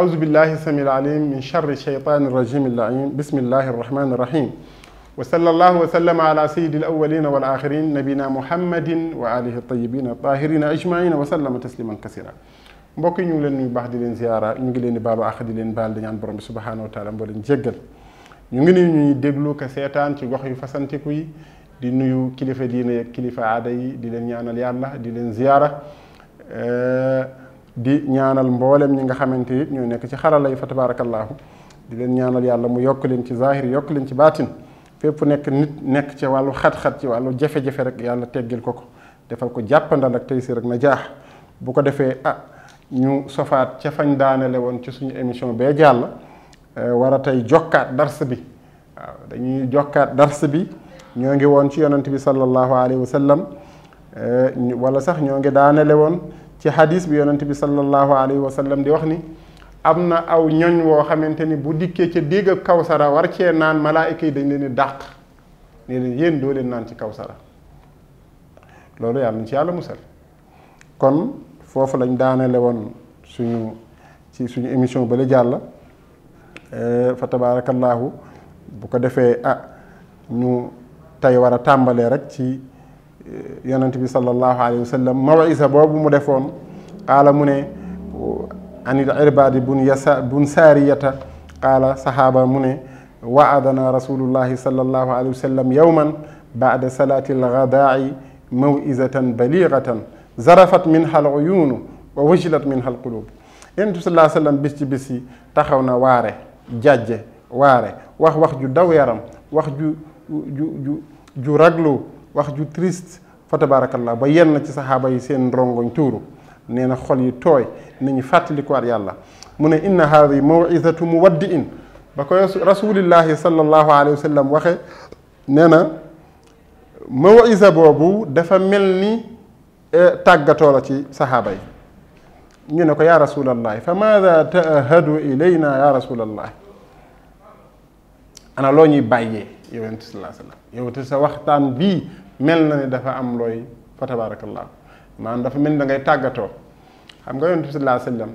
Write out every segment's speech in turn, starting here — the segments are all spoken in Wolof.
أعوذ بالله السميع العليم من شر الشيطان الرجيم اللعين بسم الله الرحمن الرحيم وصلى الله وسلم على سيد الأولين والآخرين نبينا محمد وآله الطيبين الطاهرين أجمعين وسلم تسليما كثيرا mbokk yi ñu ngi leen nuyu baax di leen ziyaara ñu ngi leen di baalu àq di leen baal di ñaan borom bi subhaanahu wa taala mboo leen jéggal ñu ngi nuyu ñuy déglu ko seetaan ci gox yu fasantiku yi di nuyu kilifa diine yeeg kilifa aada yi di leen ñaanal yàlla di leen ziyaara di ñaanal mboolem ñi nga xamante ni ñoo nekk ci xarala yi fa tabaarakallaahu di leen ñaanal yàlla mu yokk leen ci zahir yokk leen ci baatin fépp nekk nit nekk ci wàllu xat-xat ci wàllu jafe-jafe rek yàlla teggil ko ko defal ko jàppandal ak tey si rek na jaax bu ko defee ah ñu sofaat ca fañ daanele woon ci suñu émission bee jàll eh, war tey jokkaat dars bi waaw dañuy jokkaat dars bi ñoo ngi woon ci yonent bi sallallahu alayhi wa sallam eh, wala sax ñoo ngi daanele woon ci hadis bi yonent bi sallallahu alayhi wa sallam di wax ni am na aw ñoñ woo xamante ni bu dikkee ca dégg ab kawsara war cee naan malaayika yi dañ leen di dàq ne leen yéen doo leen naan ci kawsara loolu yàlla nañ ci yàlla musal kon foofu lañ daanele woon suñu suñu émission ba la jàll eh, fa tabaarakallaahu bu ko defee ah ñu tey war a tàmbalee rek ci يونس بن صلى الله عليه وسلم موعظه بوبو مو ديفون قال من ان العرباد بن يس بن ساريه قال صحابه من وعدنا رسول الله صلى الله عليه وسلم يوما بعد صلاه الغداء موعظه بليغه زرفت منها العيون ووجلت منها القلوب انت صلى الله عليه وسلم بيس بيس تخاونا واري جاجي واري واخ واخ جو داو يارام واخ جو جو جو جو راغلو واخ جو تريست fa tabaarakallaa ba yenn ci saxaaba yi seen rongoñ tuuru nee na xol yi tooy nañu fàttalikuwaat yàlla mu ne inna haadi mawisatu muwaddiin ba koy rasulillahi sallallahu alayhi wa sallam waxe nee na mawisa boobu dafa mel ni tàggatoo la ci saxaaba yi ñu ne ko yaa rasulallahi fa maada taahadu ilayna yaa rasulallahi ana loo ñuy bàyyee yonente salaa sallam yow te sa waxtaan bii mel na ni dafa am loy fa tabaarakallaahu man dafa mel da ngay tagato xam nga yunus sallallahu alayhi wasallam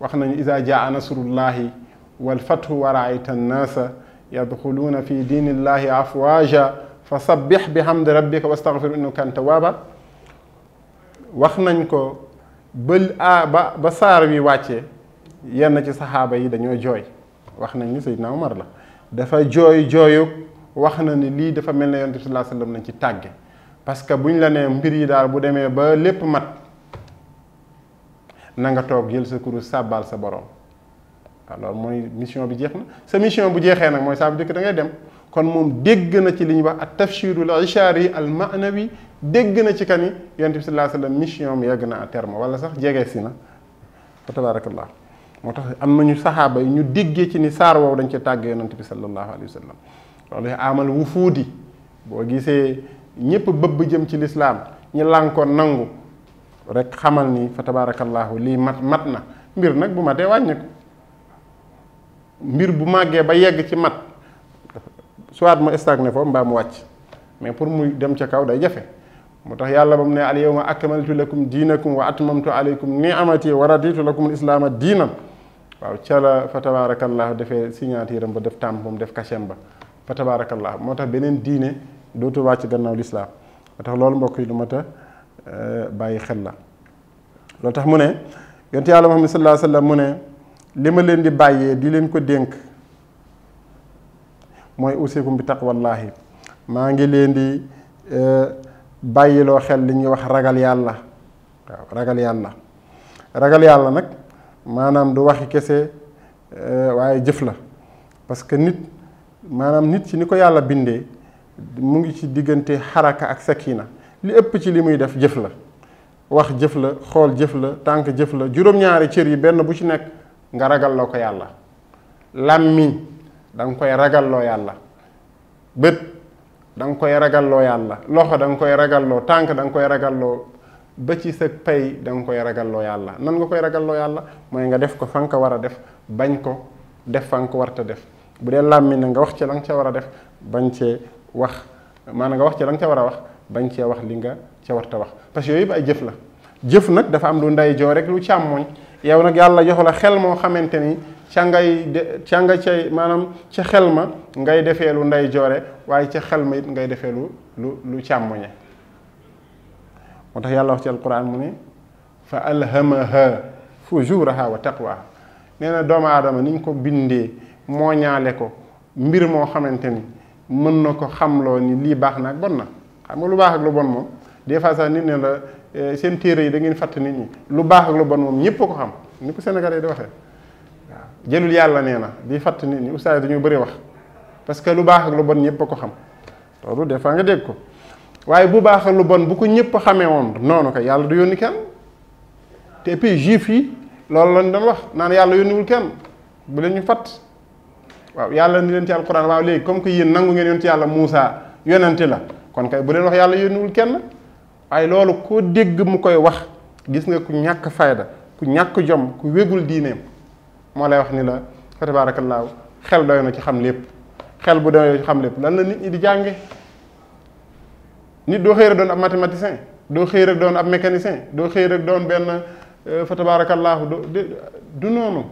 wax nañu iza jaa nasrullah wal fathu wa raayta nas yadkhuluna fi dinillahi afwaja fa sabbix bi rabbika wastaghfir innaka kaana tawwaaba wax nañ ko ba a ba sar wi wacce yenn ci sahaba yi dañu joy wax nañ ni Seydina umar la dafa joy joyuk waxna ni li dafa mel ne sallallahu alayhi wasallam sallam nañ ci tàgge parce que bu ñu la nee mbir yi daal bu démé ba lépp mat na nga tok jël sa kurus sàbbaal sa borom alors moy mission bi jeex sa mission bu jeexee nak moy sa bu dik da ngay dem kon mom dégg na ci liñ wax at tafsirul ishari al ma'nawi dégg na ci kani yonent sallallahu alayhi wasallam mission yegg na terme wala sax jege sina na fa tabaarakallah am nañu sahaba yi ñu déggé ci ni sar woowu dañ ci taggé yonent sallallahu alayhi wasallam loolu amal wufudi bo gisé ñëpp bëbb jëm ci lislaam ñi lànkoon nangu rek xamal ni fa tabaarakallaahu lii mat mat na mbir nag bu matee wàññi ko mbir bu màggee ba yegg ci mat soit mu stagné foofu mbaa mu wàcc mais pour muy dem ca kaw day jafe moo tax yàlla ba mu ne al yawma akmaltu lakum diinakum wa atmamtu aleykum ni'amati wa raditu lakum al islaama diina waaw ca la fa tabaarakallaahu defee signature am ba def tàmpam def kachem ba fa tabaarakallaahu moo tax beneen diine dootul wàcc gannaaw lislaam moo tax loolu mbokk yi lu mat a euh, bàyyi xel la loolu tax mu ne yonte yàlla Muhammad sallallahu alayhi wasallam mu ne li ma leen di bàyyee di leen ko dénk mooy usikum bi taqwallahi maa ngi leen di euh, bàyyiloo xel li ñuy wax ragal yàlla waaw ragal yàlla ragal yàlla nag maanaam du waxi kese euh, waaye jëf la parce que nit maanaam nit ci ni ko yàlla bindee mu ngi ci diggante xaraka ak sakina li ëpp ci li muy def jëf la wax jëf la xool jëf la tànk jëf la juróom-ñaari cër yi benn bu ci nekk nga ragaloo ko yàlla làmmiñ da nga koy ragaloo yàlla bët da koy ragalloo yàlla loxo danga koy ragaloo tànk da nga koy ragalloo ba ci sa pay da koy ragaloo yàlla nan nga koy ragaloo yàlla mooy nga def ko fa war a def bañ ko def fa nga ko warta def bu dee làmmiñ na nga wax ci la nga ca war a def bañ cee wax maanaam nga wax ci la nga ca war a wax bañ cee wax li nga ca warta wax parce que yooyu yëpp ay jëf la jëf nag dafa am lu nday joo rek lu càmmooñ yow nag yàlla jox la xel moo xamante ni ca ngay de ca nga cay maanaam ca xel ma ngay defee lu nday joore waaye ca xel ma it ngay defee lu lu lu càmmoñe moo tax yàlla wax ci alquran mu ne fa alhamaha fujuraha wa taqwa nee na doomu aadama ni ñu ko bindee moo ko mbir moo xamante ni mën na ko xamloo ni lii baax na ak bon na xam nga lu baax ak lu bon moom des fois sax nit ne na eh, seen téere yi da ngeen fàtt nit ñi lu baax ak lu bon moom ñëpp a ko xam ni ko Sénégalais di waxee waaw jëlul yàlla nee na bii fàtt nit ñi oustaz dañoo bëri wax parce que lu baax ak lu bon ñëpp a ko xam loolu des fois nga dégg ko waaye bu baax ak lu bon bu ko ñëpp xamee woon noonu ko yàlla du yónni kenn te et puis juif yi loolu lañ doon wax naan yàlla yónniwul kenn bu leen ñu fàtt waaw yàlla ni leen ci alquran waaw léegi comme que yéen nangu ngeen yonent yàlla Moussa yonente la kon kay bu leen wax yàlla yónniwul kenn waaye loolu koo dégg mu koy wax gis nga ku ñàkk fayda ku ñàkk jom ku wégul diineem moo lay wax ni la fa tabaarakallaahu xel doy na ci xam lépp xel bu doy ci xam lépp lan la nit ñi di jànge nit doo xëy rek doon ab mathématicien doo xëy doon ab mécanicien doo xëy doon benn euh, fa tabaarakallaahu du noonu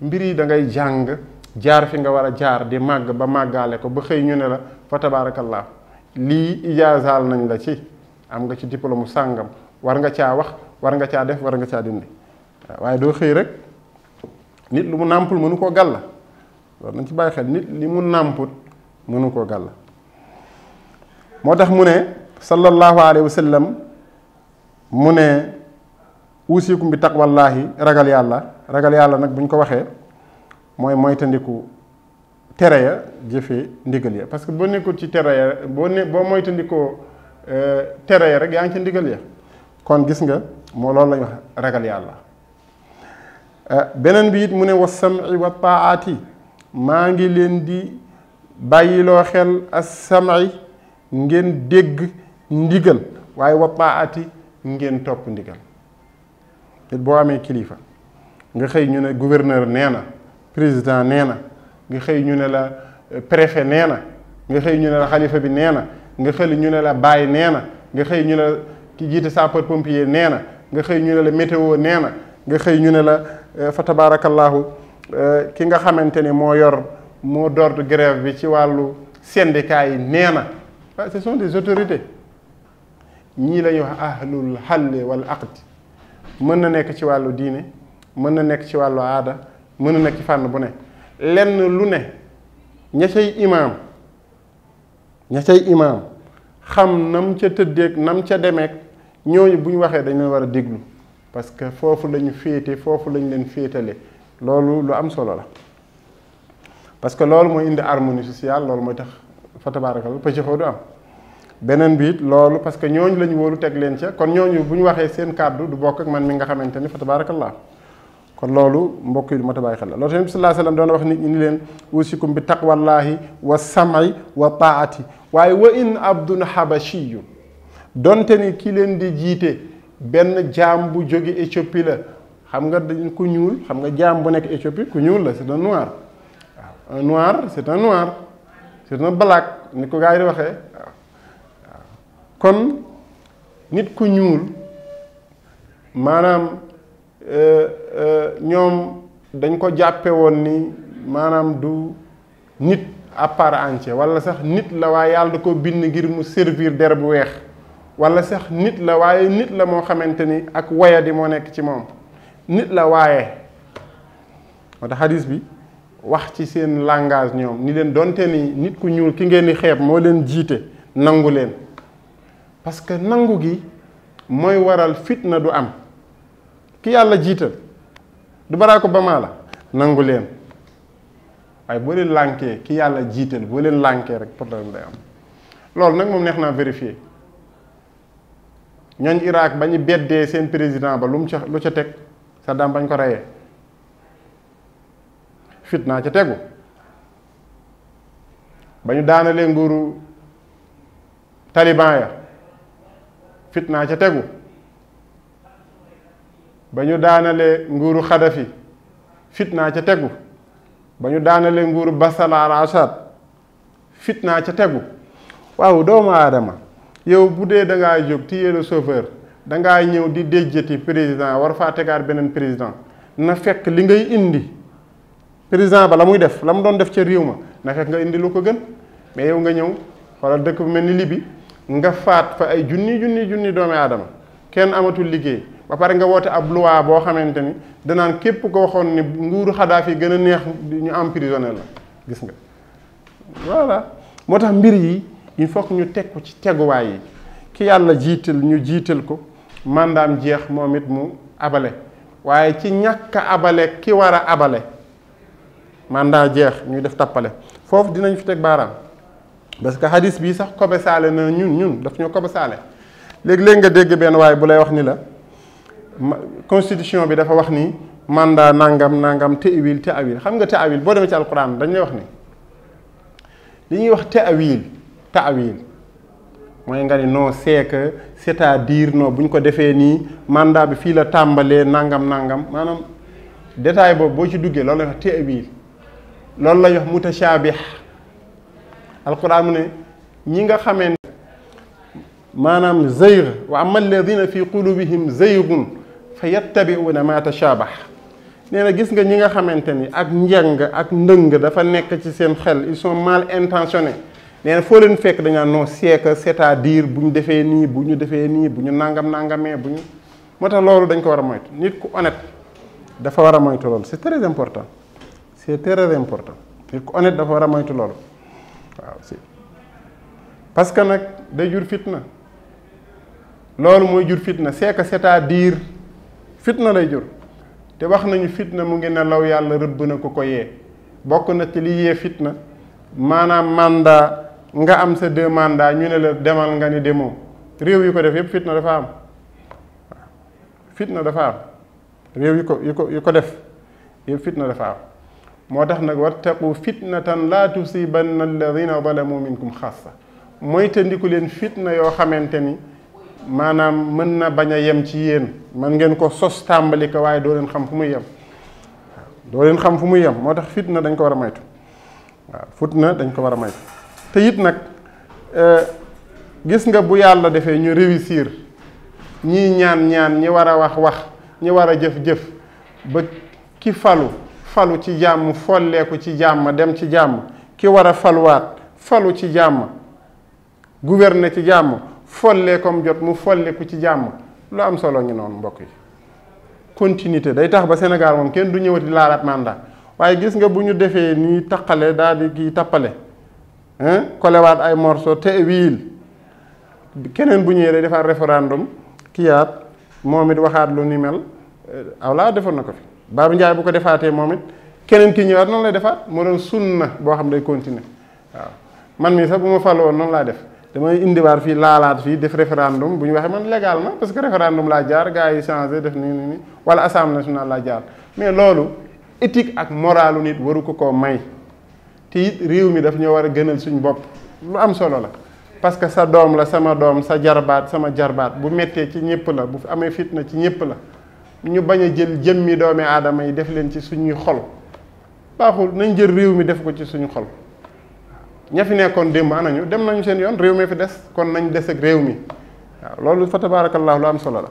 mbir yi da ngay jàng jaar fi nga war a jaar di màgg ba màggaale ko ba xëy ñu ne la fa tabaarakallah lii ijaasaal nañ la ci am nga ci diplôme sàngam war nga caa wax war nga caa def war nga caa dindi waaye doo xëy rek nit lu mu nàmpul mënu koo gàll loolu nañ ci bàyyi xel nit li mu nàmput mënu koo gàll moo tax mu ne sallallahu alayhi wa sallam mu ne uusikum bi taqwallaahi ragal yàlla ragal yàlla nag bu ñu ko waxee mooy moytandiku tere ya jëfee ndigal ya parce que boo nekkul ci tere ya boo ne boo moytandikoo euh, tere ya rek yaa ngi ci ndigal ya kon gis nga moo loolu lañu wax ragal yàlla euh, beneen bi it mu ne wa sam'i wa taa'ati maa ngi leen di bàyyiloo xel as sam'i ngeen dégg ndigal waaye wa ati ngeen topp ndigal it boo amee kilifa nga xëy ñu ne gouverneur nee na président nee nga xey ñu ne la euh, préfet nee nga xey ñu ne la xalifa bi nee nga xey ñu ne la bàyyi nee nga xey ñu ne la ki jité sapeur pompier nee nga xey ñu ne la météo nee nga xey ñu ne la euh, fa tabarakallah euh, ki nga xamantene mo yor mo moo de grève bi ci walu syndicat yi nee na ah, ce sont des autorités ñi la ñuy wax ahlul hal wal aqd mën na nek ci walu diiné mën na nek ci walu aada mën a nekk ci fànn bu ne lenn lu ne ña cay imaam ña cay imaam xam nam ca tëddeeg nam ca demeek ñooñu bu ñu waxee dañ leen war a déglu parce que foofu lañu féete foofu lañu leen féetale loolu lu am solo la parce que loolu mooy indi harmonie sociale loolu mooy tax fa tabaarakal pëccëxoo du am beneen bi it loolu parce que ñooñu lañu wóolu teg leen ca kon ñooñu bu ñu waxee seen kàddu du bokk ak man mi nga xamante ni fa tabaarakallaa kon loolu mbokk yi mata bàyyi xel la loolu tamit sallallahu alayhi wasallam doon wax nit ñi ni leen usikum bi taqwa taqwallahi wa sam'i wa taati waaye wa in abdun habashiyun donte ni ki leen di jiite benn jaam bu jóge Éthiopie la xam nga dañ ku ñuul xam nga jaam bu nekk Éthiopie ku ñuul la c'est un noir un noir c'est un noir c'est un black ni ko gars yi di waxee kon nit ku ñuul maanaam Euh, euh, ñoom dañ ko jàppe woon ni maanaam du nit à part entière wala sax nit la waaye yàlla ko bind ngir mu servir der bu weex wala sax nit la waaye nit la moo xamante ni ak waya di moo nekk ci moom nit la waaye moo tax hadis bi wax ci seen langage ñoom ni leen donte ni nit ku ñuul ki ngeen di xeeb moo leen jiite nangu leen parce que nangu gi mooy waral fitna du am ki yàlla jiital du baraako ba maa la nangu leen waaye boo leen lànkee ki yàlla jiital boo leen lànkee rek problème day am loolu nag moom neex naa vérifier ñooñ Irak ba ñu beddee seen président ba lu mu ca lu ca teg Saddam bañ ko reyee fitna ca tegu ba ñu daanalee nguuru taliban ya fitna ca tegu ba ñu daanale nguuru xadafi fitnaa ca tegu ba ñu daanale nguuru basalaar asad fitnaa ca tegu waaw doomu aadama yow bu dee da ngaa jóg ti yéen a da ngaa ñëw di déjjati président war faa tegaat beneen président na fekk li ngay indi président ba la muy def la mu doon def ca réew ma na fekk nga indi lu ko gën mais yow nga ñëw xoolal dëkk bu mel ni Libi nga faat fa ay junni junni junni doomu aadama kenn amatul liggéey ba pare nga woote ab loi boo xamante ni danaan képp ko waxoon ni nguuru xadaaf yi gën a neex ñu emprisonné la gis nga voilà moo tax mbir yi il faut ñu teg ko ci teguwaay yi ki yàlla jiital ñu jiital ko mandaam jeex moom it mu abale waaye ci ñàkk a abale ki war a abale mandat jeex ñuy def tappale foofu dinañ fi teg baaraam parce que hadis bii sax kobe saale na ñun ñun daf ñoo kobe saale léegi léeg nga dégg benn waaye bu lay wax ni la constitution bi dafa wax ni manda nangam nangam ta'wil ta'wil xam nga ta'wil bo demee ci alquran dañ lay wax ni li ñuy wax ta'wil ta'wil moy nga ni no c'est que c'est-à-dire no buñ ko défé ni manda bi fi la tambalé nangam nangam manam détail bo bo ci duggé loolu la wax teewil loolu la wax mutashabih alquran mu ne ñi nga xamé manam zayr wa amma alladina fi qulubihim zaygun fa yattabiuna ma tashaabah nee na gis nga ñi nga xamante ni ak njàng ak ndëng dafa nekk ci seen xel ils sont mal intentionnés nee foo leen fekk dañaa non c'est que c'est-à-dire bu ñu defee nii bu ñu defee nii bu ñu nangam nangamee bu ñu moo tax loolu dañ ko war a moytu nit ku honnête dafa war a moytu loolu c'est très important c'est très important nit ku honnête dafa war a moytu loolu waaw que nag day jur fitna loolu mooy jur fitna c'est que c'est-à-dire fitna lay jur te wax nañu fitna mu ngi nelaw yàlla rëbb na ko ko yee bokk na ci lii yee fitna maanaam mandat nga am sa deux mandat ñu ne la demal nga ne de moom réew yu ko def yëpp fitna dafa am fitna dafa am réew yi ko yi yi ko def yëpp fitna dafa am moo tax nag la fitnatan laa tusibanna alladina zalamu minkum xassa mooy tëndiku leen fitna yoo xamante ni maanaam mën na bañ a yem ci yéen man ngeen ko sos tàmbali ko waaye doo leen xam fu muy yem doo leen xam fu muy yem moo tax fitna dañ ko war a moytu waaw fut na dañ ko war a moytu te it nag euh, gis nga bu yàlla defee ñu réussir ñii ñaan ñaan ñi war a wax wax ñi war a jëf jëf ba ki falu falu ci jàmm folleeku ci jàmm dem ci jàmm ki war a faluwaat falu ci jàmm gouverner ci jàmm folle comme jot mu folleku ci jàmm lu am solo ngi noonu mbokk yi continuité day tax ba Sénégal moom kenn du ñëwati laalaat mandat waaye gis nga bu ñu defee nii taqale daal kii tappale kolewaat ay morceau te wiil keneen bu ñëwee day defaat référendum kiyaat moom it waxaat lu ni mel eh, aw laa defoon na ko fi Babou Ndiaye bu ko defaatee moom it keneen ki ñëwaat noonu lay defaat moo doon sunna boo xam day continuer waaw man mii sax bu ma fàllu woon noonu laa def damay indiwaar fii laalaat fii def référendum bu ñu waxee man legal na parce que référendum laa jaar gars yi changé def nii nii wala assemblée nationale laa jaar mais loolu éthique ak moralu nit waru ko koo may te it réew mi daf ñoo war a gënal suñ bopp lu am solo la. parce que sa doom la sama doom sa jarbaat sama jarbaat bu méttee ci ñëpp la bu amee fitna ci ñëpp la ñu bañ a jël jëmmi doomi aadama yi def leen ci suñuy xol baaxul nañ jël réew mi def ko ci suñu xol. ña fi nekkoon démb anañu dem nañu seen yoon réew mi fi des kon nañu des ak réew mi waaw loolu fa tabaarakallaahu lu am solo la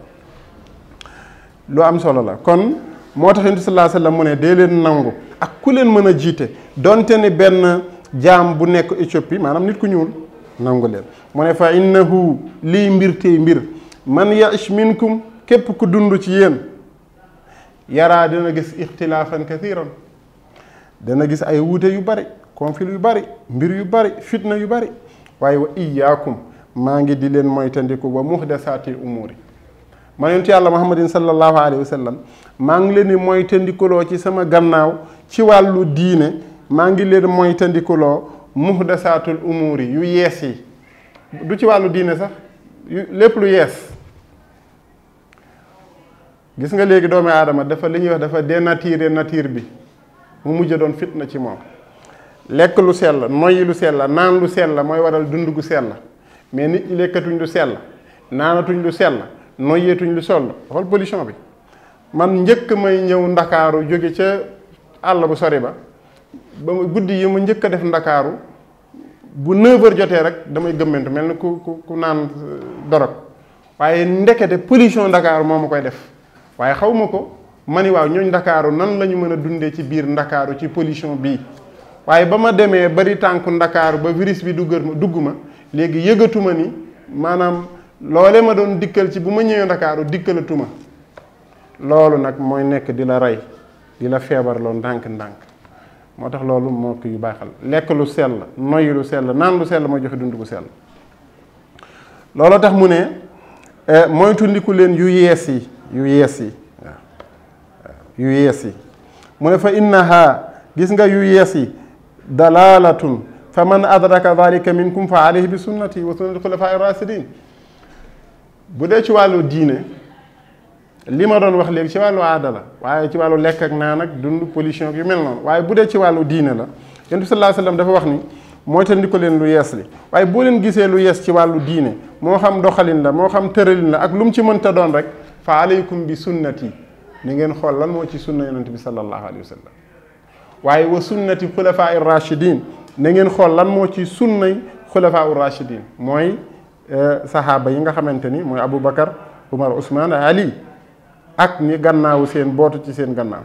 lu am solo la kon moo tax yonent sallallaahu alayhi wa sallam mu ne dee leen nangu ak ku leen mën a jiite donte ni benn jaam bu nekk Éthiopie maanaam nit ku ñuul nangu leen mu ne fa innahu lii mbir tey mbir man ya'ish minkum képp ku dund ci yéen yaraa dina gis ixtilaafan kathiran dana gis ay wuute yu bari conflit yu bari mbir yu bari fitna yu bari waaye wa iyaakum maa ngi di leen moytandiku wa muhdasaati umuuri man yonent yàlla muhammadin sallallahu alayhi wa sallam maa ngi leen di moytandikuloo ci sama gannaaw ci wàllu diine maa ngi leen moytandikuloo muhdasaatul umuuri yu yees yi du ci wàllu diine sax lépp lu yees gis nga léegi doomi aadama dafa li ñuy wax dafa dénaturer natiir bi mu mujj doon fitna ci moom lekk lu sell la noyyi lu sell la naan lu sell la mooy waral dund gu sell la mais nit ñi lekkatuñ lu sell naanatuñ lu sell noyyeetuñ lu sell xool pollution bi man njëkk may ñëw ndakaaru jóge ca àll bu sori ba ba guddi yi mu njëkk a def ndakaaru bu 9 jotee rek damay gëmmentu mel ni ku ku ku naan euh, dorog waaye ndekete pollution ndakaaru moo ma koy def waaye xaw ma ko ma ni waaw ñooñ ndakaaru nan la ñu mën a dundee ci biir ndakaaru ci pollution bii waaye ba ma demee bari tànku ndakaaru ba virus bi duggal ma dugg ma léegi yëgatuma ni maanaam loole ma doon dikkal ci bu ma ñëwee ndakaaru dikkalatuma loolu nag mooy nekk di la rey di la feebarloo ndànk-ndànk moo tax loolu moo yu baaxal lekk lu sell noyyi lu sell naan lu sell mooy joxe dund bu sell loolu tax mu ne eh, mooy tundiku leen yu yees yi yu yees yi yu yees yi mu ne fa innaha gis nga yu yees yi دلالة فمن أدرك ذلك منكم فعليه بسنتي وسنة الخلفاء الراشدين bu dee ci wàllu diine li ma doon wax léegi ci wàllu aada la waaye ci wàllu lekk ak naan ak dund pollution ak yu mel noonu waaye bu dee ci wàllu diine la yonent bi sallallahu alayhi wasallam dafa wax ni mooy tandi ko leen lu yees li waaye boo leen gisee lu yees ci wàllu diine moo xam doxalin la moo xam tëralin la ak lu mu ci mënta doon rek fa alaykum bi sunnati ni ngeen xool lan moo ci sunna yonent bi sallallahu alayhi wasallam waaye wa sunnati xulafaa ir rachidin na ngeen xool lan moo ci sunnay xulafaa ir rachidin mooy eh, saxaaba yi nga xamante ni mooy Abu Bakar Umar Ousmane Ali ak ñi gannaawu seen bootu ci seen gannaaw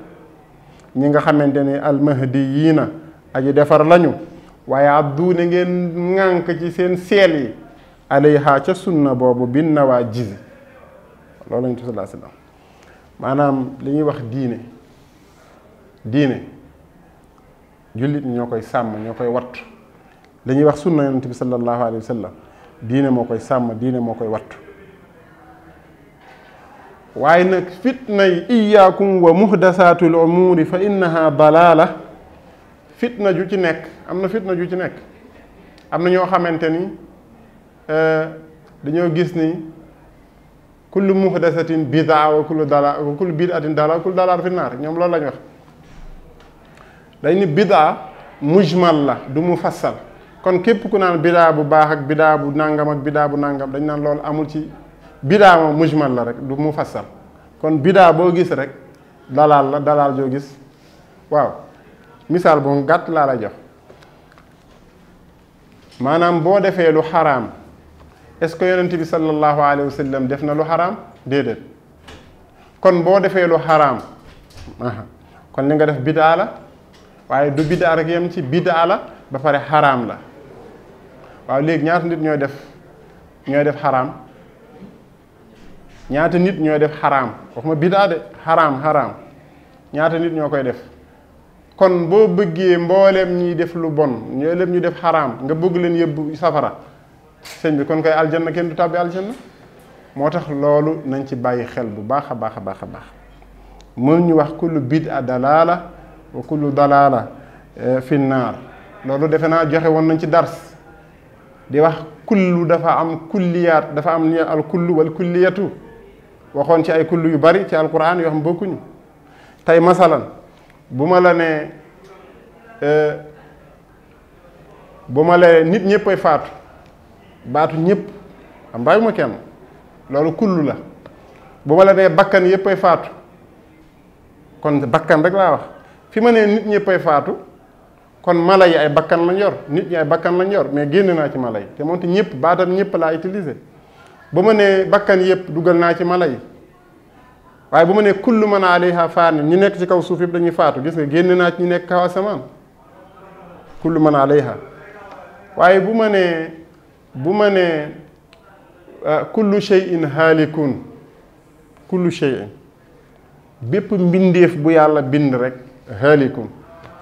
ñi nga xamante ni almahdi yii na ak aji defar lañu waaye abdu na ngeen ŋànk ci seen seel yi alayha ca sunna boobu bin nawaa jizi loolu lañu tudd sallallahu alayhi wa sallam maanaam li ñuy wax diine diine jullit ñoo koy sàmm ñoo koy watt li ñuy wax sunna yonent bi sallallahu alayhi wa sallam diine moo koy sàmm diine moo koy watt waaye nag fitnay iyaakum wa muhdasaatul umuuri fa innaha dalaala fitna ju ci nekk am na fitna ju ci nekk am na ñoo xamante ni dañoo gis ni kullu muhdasatin bidaa wa kullu dalaa wa kullu bidatin dalaa wa kullu dalaal fi naar ñoom loolu lañ wax day ni bidaa mujmal la du mu fassal kon képp ku naan bidaa bu baax ak bidaa bu nangam ak bidaa bu nangam dañ naan loolu amul ci bidaa moom mujmal la rek du mu fassal kon bidaa boo gis rek dalaal la dalaal joo gis waaw misaal boo gàtt laa la jox maanaam boo defee lu xaraam est-ce que yonent bi sallallahu alayhi wa sallam def na lu xaraam déedéet kon boo defee lu xaraam kon li nga def bidaa la waaye du biddaa rek yem ci biddaa la ba pare xaraam la waaw léegi ñaata nit ñooy def ñooy def xaraam ñaata nit ñooy def xaraam waxuma biddaa de xaraam xaraam ñaata nit ñoo koy def kon boo bëggee mbooleem ñiy def lu bon leen ñu def xaraam nga bëgg leen yóbbu safara sëñ bi kon koy aljanna kenn du tàbbi aljanna moo tax loolu nañ ci bàyyi xel bu baax a baax a baax a baax mën ñu wax kullu bid'a dalaala wa kullu dalaala e, fi loolu defe naa joxe woon nañ ci dars di wax kullu dafa am kulliyaat dafa am ni al kullu wal kulliyatu waxoon ci ay kullu yu bari ci alquran yoo xam bokkuñu tey masalan bu ma la nee bu ma la nit ñëppay faatu baatu ñëpp am bàyyi ma kenn loolu kullu la bu ma la nee bakkan yëppay faatu kon bakkan rek laa wax fi ma nee nit ñëppay faatu kon mala yi ay bakkan lañ yor nit ñi ay bakkan lañ yor mais génn naa ci mala yi te moonte ñëpp baatam ñëpp laa utilisé ba ma nee bakkan yëpp dugal naa ci mala yi waaye bu ma nee kullu man alayha faan ñu nekk ci kaw suuf yëpp dañuy faatu gis nga génn naa ci ñu nekk kaw asamaan kullu man alayha waaye bu ma nee bu ma nee ah, kullu shay'in haalikun kullu shay'in bépp mbindeef bu yàlla bind rek haalikum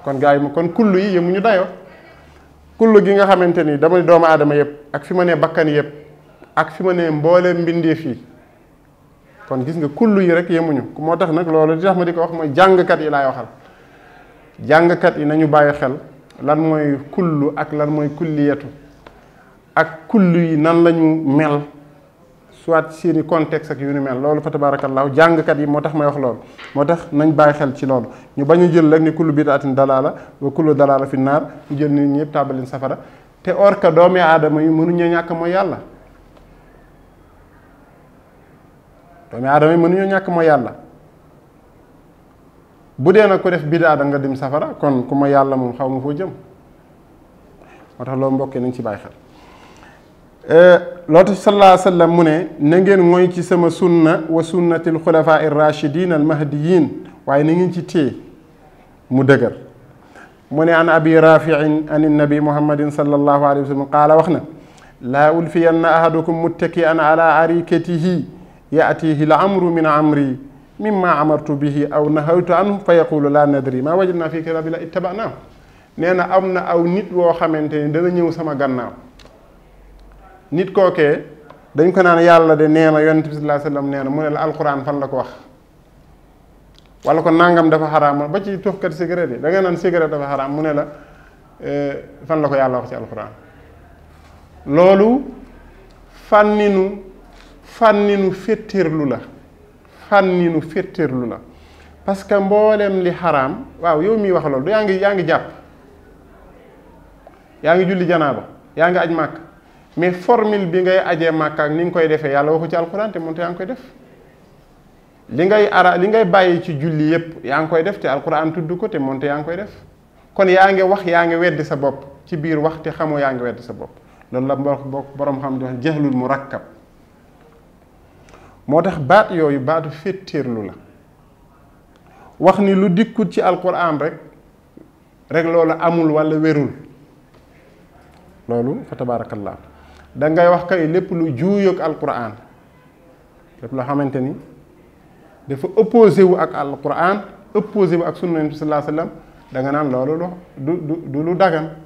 kon gars yi kon kullu yi yemuñu dayoo kullu gi nga xamante ni dama doomu aadama yëpp ak fi ma nee bakkan yëpp ak fi ma nee mboole mbindeef yi kon gis nga kullu yi rek yemuñu moo tax nag loolu li tax ma di ko wax mooy jàngkat yi laay waxal jàngkat yi nañu bàyyi xel lan mooy kullu ak lan mooy kulliyatu ak kullu yi nan lañu mel soit seeni contexte ak yu ni mel loolu fa tabaarakallaahu jàngkat yi moo tax may wax loolu moo tax nañ bàyyi xel ci loolu ñu bañ a jël rek ni kullu bidaatin dalaala wa kullu dalaala fi naar ñu jël nit ñëpp tàbbalin safara te or que aadama yi mënuñu ñàkk mooy yàlla doomi aadama yi mënuñoo ñàkk moo yàlla bu dee nag ku def bidaa nga dim safara kon ku ma yàlla moom xaw ma foo jëm moo tax loolu mbokk nañ ci bàyyi xel لطف صلى الله عليه وسلم من نجن غوي كسم سنة وسنة الخلفاء الراشدين المهديين وين نجن تي مدقر من عن أبي رافع عن النبي محمد صلى الله عليه وسلم قال وخنا لا ألفي أن أحدكم متكئا على عريكته يأتيه الأمر من عمري مما عمرت به أو نهيت عنه فيقول لا ندري ما وجدنا في كتاب الله اتبعناه نانا أمنا أو نتوى خمنتين دنا نيو سما غناو nit kookee dañ ko naan yàlla de neena na yonent sallallahu alayhi wasallam neena nee na mu ne la fan la ko wax wala ko nangam dafa haram ba ci kat cigarette da nga naan cigarette dafa haram mu ne la fan la ko yàlla wax ci alxuraan loolu fànninu fànninu féttéerlu la fànninu féttéerlu la parce que mboolem li haram waaw yow mi wax lolou du yaa ngi jàpp yaa julli janaba yaa aj makka mais formule bi ngay ajee màkka ak ni nga koy defee yàlla waxu ci alxuraan te moom te yaa ngi koy def li ngay ara li ngay bàyyi ci julli yépp yaa ngi koy def te alxuraan tudd ko te moom te yaa ngi koy def kon yaa ngi wax yaa ngi weddi sa bopp ci biir wax te xamoo yaa ngi weddi sa bopp loolu la mbokk borom xam di wax jahlul mu rakkab moo tax baat yooyu baatu féttéerlu la wax ni lu dikkut ci alxuraan rek rek loolu amul walla wérul loolu fa tabaarakallaa da ngay wax kay lepp lu juuyoog alquran lepp lo xamanteni ni dafa opposé wu ak alquran opposé wu ak sunna nabi sallallahu alayhi wasallam da nga nan lolu du du lu dagan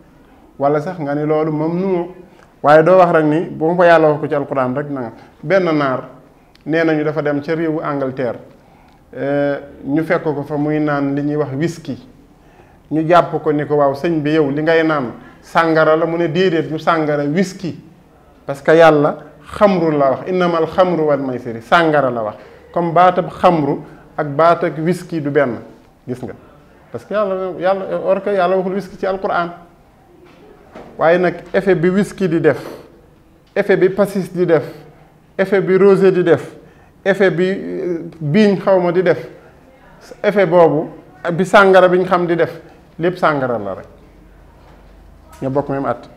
wala sax nga ni loolu mamnu waye do wax rek ni bu ko yalla wax ko ci alquran rek nanga ben nar nenañu dafa dem ci rewu Angleterre eh, ñu fekk ko fa muy nan li ñi wax whisky ñu japp ko ni ko waaw señ bi yow li ngay nan sangara la mu ne dedet ñu sangara whisky parce que yàlla xamru la wax innama al xamru wal maysiri sàngara la wax comme baatab xamru ak baatab whisky du benn gis nga parce que yàlla yàlla or que yàlla waxul whisky ci alquran waaye nag effet bi whisky di def effet bi pastis di def effet bi rosé di def effet bi biiñ xaw ma di def effet boobu bi sàngara biñ xam di def lépp sàngara la rek ña bokk même at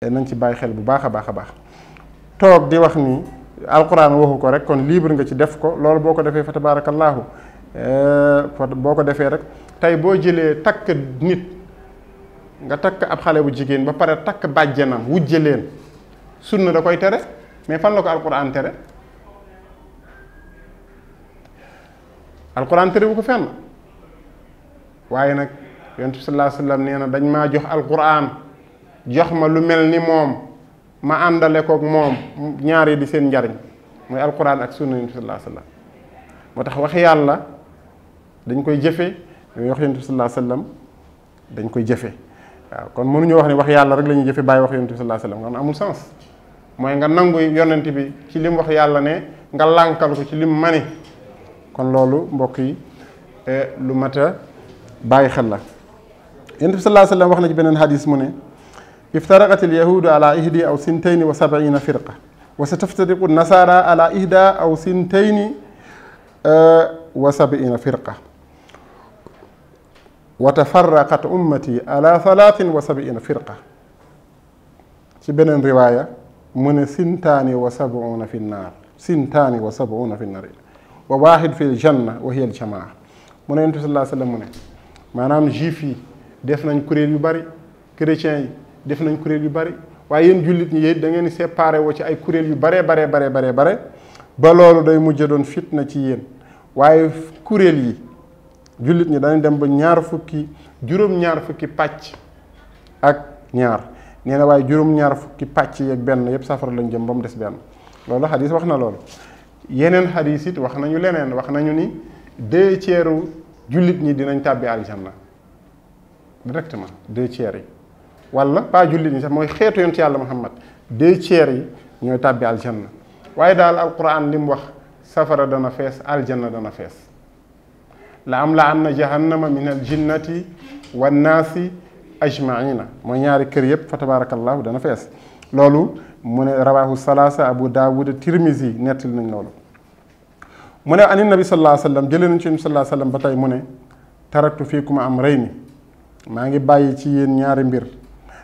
waaye nañ ci bàyyi xel bu baax a baax a baax toog di wax ni alquran waxu ko rek kon libre nga ci def ko loolu boo ko defee fa tabaarakallaahu eh, boo ko defee rek tey boo jëlee takk nit nga takk ab xale bu jigéen ba pare takk bàjje na wujje leen sunna da koy tere mais fan la ko alquran tere alquran tere bu ko fenn waaye nag yonent bi sallallahu alayhi nee na dañ maa jox alquran jox ma lu mel ni moom ma àndale kook moom ñaari di seen njariñ muy alquran ak sunna yonent bi sallallahu moo tax waxi yàlla dañ koy jëfe mais wax yonent bi sallallahu alayhi dañ koy jëfe kon mënuñu wax ne wax yàlla rek la jëfe bàyyi wax yonent bi sallallahu alayhi wasallam kon amul mooy nga nangu yonent bi ci lim wax yàlla ne nga lànkal ci lim mani kon loolu mbokk yi eh, lu mat bàyyi xel la yonent bi wax na ci beneen hadis mu ne افترقت اليهود على إهدى أو سنتين وسبعين فرقة وستفترق النصارى على إهدى أو سنتين آه، وسبعين فرقة وتفرقت أمتي على ثلاث وسبعين فرقة في بنين رواية من سنتان وسبعون في النار سنتان وسبعون في النار وواحد في الجنة وهي الجماعة من أنت صلى الله عليه وسلم من ما نام جيفي دفنا نكرير يباري كريتشاني def nañ kuréel yu bari waaye yéen jullit ñi yéen da ngeen di séparé ci ay kuréel yu bare baree baree baree bare ba loolu day mujj doon fitna ci yéen waaye kuréel yi jullit ñi danañ dem ba ñaar fukki juróom-ñaar fukki pàcc ak ñaar nee na waaye juróom-ñaar fukki pàcc yeeg benn yépp safara lañ jëm ba mu des benn loolu xadis wax na loolu yeneen xadis it wax nañu leneen wax nañu ni deux tiers jullit ñi dinañ tàbbi aljanna directement deux tiers yi wala pas jullit ñi sax mooy xeetu yonent yàlla Muhammad deux tiers yi ñooy tàbbi aljanna waaye daal alquran li mu wax safara dana fees aljanna dana fees la am la anna jahannama min al jinnati wannaasi ajmaina mooy ñaari kër yëpp fa tabarakallahu dana fees loolu mu ne rawahu salaasa abu daawud tirmisi nettali nañ loolu mu ne ani nabi sallallahu alayhi wa sallam jëlee nañ ci nabi sallallahu alayhi wa sallam ba tey mu ne taraktu fiikum am rey ni maa ngi bàyyi ci yéen ñaari mbir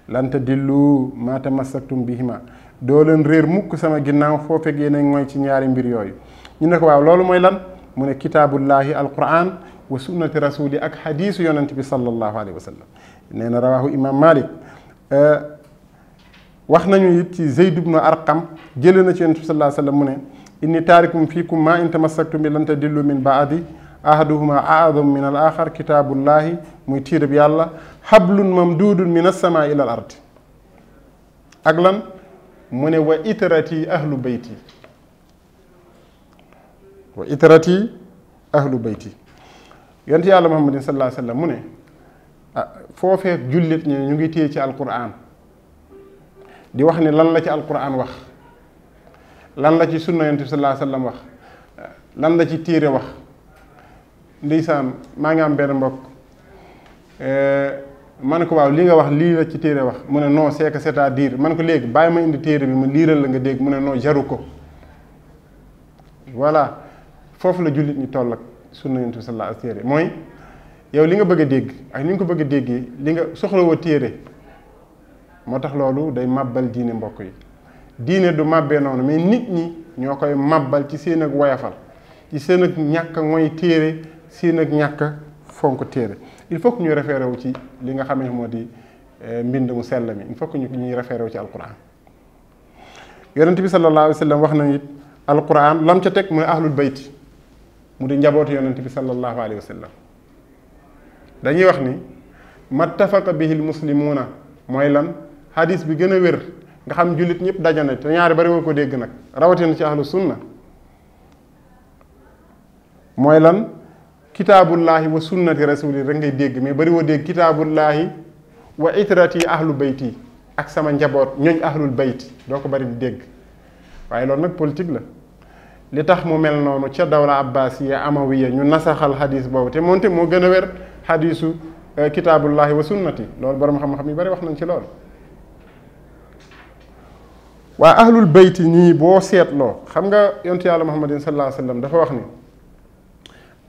lan tadillu ma tamassaktum bihima doo leen réer mukk sama ginnaaw foo fekk yéen a mooy ci ñaari mbir yooyu ñu ne ko waaw loolu mooy lan mu ne kitaabullahi alquran wa sunnati rasuli ak hadisu yonent bi sallallahu alayhi wa sallam nee na rawahu imam malik wax nañu it ci zeyd ibnu arqam jële na ci yonent bi sallallahu sallam mu ne inni taarikum fiikum ma in tamassaktum bi lan tadillu min baadi ahaduhuma aadam min al axar kitaabullahi muy tiirab yàlla حبل ممدود من السماء إلى الأرض أقلن من وإترتي أهل بيتي وإترتي أهل بيتي ينتهي على محمد صلى الله عليه وسلم من فوفي جلت نيجيتي في القرآن دي وحني لان لتي القرآن وخ لان لتي سنة ينتهي صلى الله عليه وسلم وخ لان لتي تيري وخ ديسان ما نعم بين مبك ma ne ko waaw li nga wax lii la ci téere wax mu ne non c'est que c'est-à-dire man ko léegi bàyyi ma indi téere bi ma liiral la nga dégg mu ne non jaru ko voilà foofu la jullit ñu toll ak sunna yonent bi sallallahu téere mooy yow li nga bëgg a dégg ak ni nga ko bëgg a déggee li nga soxlawoo téere moo tax loolu day màbbal diine mbokk yi diine du màbbee noonu mais nit ñi ñoo koy màbbal ci seen ak woyafal ci seen ak ñàkk a mooy téere seen ak ñàkk fonk téere il faut que ñu référé wu ci li nga xamé modi mbind mu sell mi il faut que ñu ñuy référé wu ci alquran yaronte bi sallallahu alayhi wasallam sallam wax na it alquran lam ca tek moy ahlul bayt mu di njabootu yonent bi sallallahu alayhi wasallam dañuy wax ni mattafaqa bihi almuslimuna moy lan hadith bi gëna wér nga xam julit ñep dajana te ñaari bari woo ko nak rawati na ci ahlus sunna moy lan kitaabullahi wa sunnati rasuli rek ngay dégg mais bari woo dégg kitaabullahi wa itrati ahlu bayti ak sama njaboot ñooñ ahlul bayti doo ko bari di dégg waaye loolu nag politique la li tax mu mel noonu ca dawla abbasiya amawiya ñu nasaxal xadis boobu te moonte moo gën a wér xadisu kitaabullahi wa sunnati loolu borom xam-xam yu bari wax nañ ci loolu waa ahlul bayti ñii boo seetloo xam nga yontu yàlla muhammadin sallallahu alayhi wa sallam dafa wax ni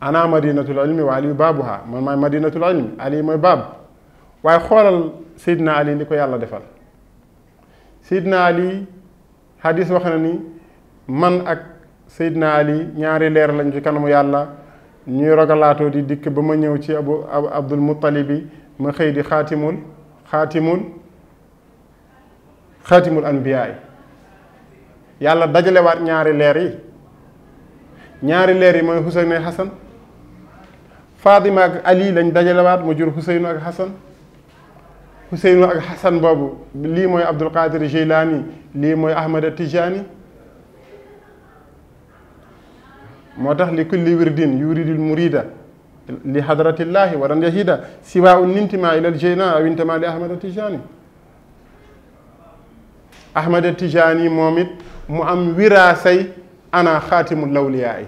ana madinatul ilmi wa aliyu baabuha man maay madinatul ilmi ali mooy baab waaye xoolal Seydina Ali li ko yàlla defal Seydina Ali hadis wax na ni man ak Seydina Ali ñaari leer lañ ci kanamu yàlla ñuy rogalaatoo di dikk ba ma ñëw ci abu abdul muttalibi ma xëy di xaatimul xaatimul xaatimul anbiyaay yàlla dajalewaat ñaari leer yi ñaari leer yi mooy Xuseyn ne Xasan Faadima ak Ali lañ dajalewaat mu jur Huseynu ak Xasan Huseynu ak Xasan boobu lii mooy Abdul Qadir Jeylaani lii mooy Ahmad Tijaani moo tax li kulli wirdin yuridul murida li hadratillahi waran yahida siwa un nintima ilal Jeylaan aw intima li Ahmad Tijaani Ahmad Tijaani moom it mu am wiraasay ana xaatimu lawliyaa yi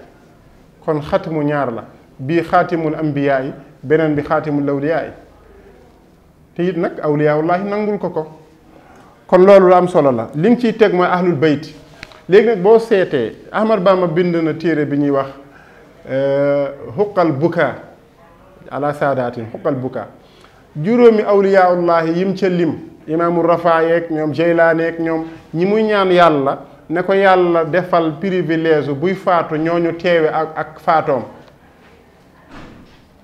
kon xatimu ñaar la bi xaatimul ambiyaa yi benen bi xaatimul lawliyaa yi te yit nak awliya wallahi nangul ko ko kon lolu lu am solo la li ci tek moy ahlul bayt léegi nak bo sété ahmar bama bind na téré bi ñi wax huqal buka ala sadatin huqal buka awliya wallahi yim ci lim imaamu rafaa ñom ñoom jeylaaneeg ñi muy ñaan yàlla ne ko yàlla defal privilège buy faatu ñoñu téwé ak ak faatom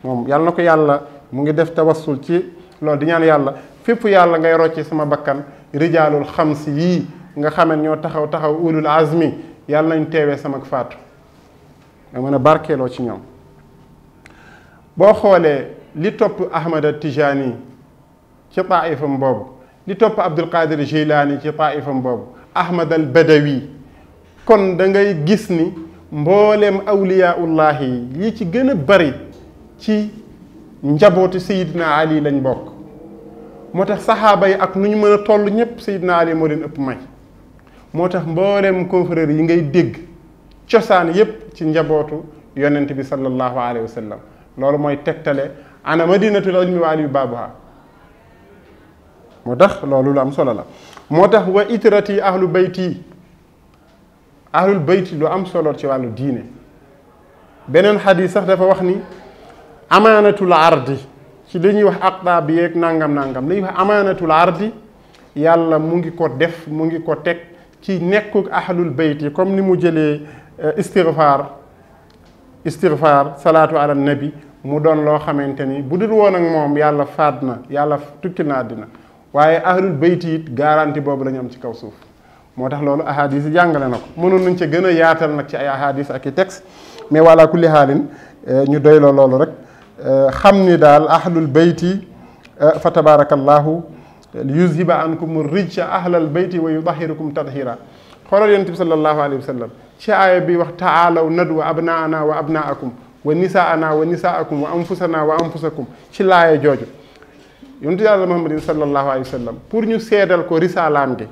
moom yàlla na ko yàlla mu ngi def tawassul ci loolu di ñaan yàlla fépp yàlla ngay rocci sama bakkan rijaalul xamsi yii nga xaman ñoo taxaw taxaw ulul azmi yàlla nañ teewee sama faatu nga mën a barkeeloo ci ñoom boo xoolee li topp Ahmada Tijani ci taifam boobu li topp Abdul Qadir Jilani ci taifam boobu Ahmad al Badawi kon da ngay gis ni mbooleem awliyaullahi yi ci gën a bari ci njabootu Seydina Ali lañ bokk moo tax saxaaba yi ak nu ñu mën a toll ñëpp Seydina Ali moo leen ëpp may moo tax mbooleem confrères yi ngay dégg cosaan yëpp ci njabootu yonent bi sallallahu alayhi wa sallam loolu mooy tegtale ana madinatul ilmi wa aliyu baabuha moo loolu am solo la moo tax wa itrati ahlu bayti ahlul bayti lu am solo ci wàllu diine beneen xadis sax dafa wax ni amaanatul ardi ci li ñuy wax aqda bi nangam nangam li ñuy wax amaanatul ardi yàlla mu ngi ko def mu ngi ko teg ci nekkuk ahlul bayt yi comme ni mu jëlee istigfaar istigfaar salaatu ala nabi mu doon loo xamante ni bu ak moom yàlla fadna yàlla tukki na àddina waaye ahlul bayt it garanti boobu la ñu am ci kaw suuf moo tax loolu ahadis yi jàngale na ko mënoon nañ ci gën a yaatal nag ci ay ahadis ak texte mais wala kulli xaalin ñu doy loo rek xam ni daal ahlul bayti fa tabarakallahu liyuzhiba ankum rijsa ahlal bayti wa yudahirukum tadhira xoolal yonent bi sallallahu alayhi wa sallam ci aaya bi wax taalaw nadwa abnaana wa abnaakum wa nisaana wa nisaakum wa anfusana wa anfusakum ci laaya jooju yonent yàlla muhammadin sallallahu alayhi wa sallam pour ñu seedal ko risaalaam gi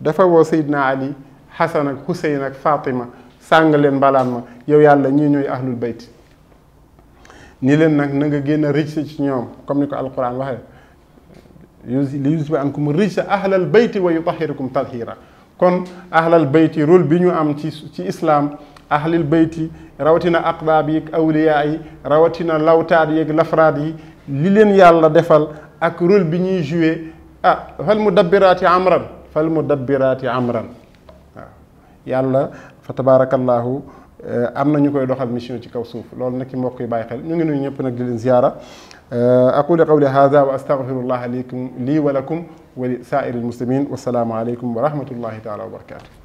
dafa woo Seydina Ali Xasan ak Xuseyn ak Fatima sàng leen mbalaan ma yow yàlla ñii ñooy ahlul bayt ni leen nag na nga génn rijsa ci ñoom comme ni ko alquran waxee li yusba ankum rijsa ahlal bayti wa yutahhirukum tadhira kon ahlal bayti rôle bi ñu am ci ci islam ahlil bayti rawatina aqdaab yi awliya yi rawatina lawtaat yeeg lafraat yi li leen yàlla defal ak rôle bi ñuy joué ah fal mu dabbiraati amran fal mu dabbiraati amran waaw yàlla fa tabaarakallahu am na ñu koy doxal mission ci kaw suuf loolu nag ci mbokk yi bàyyi xel ñu ngi nuyu ñëpp nag di leen ziyaara aqulu qawli hada wa astaghfirullah likum lii wa lakum wa li saa'iril muslimin wa salaamu aleykum wa rahmatullahi taala wa barakatuh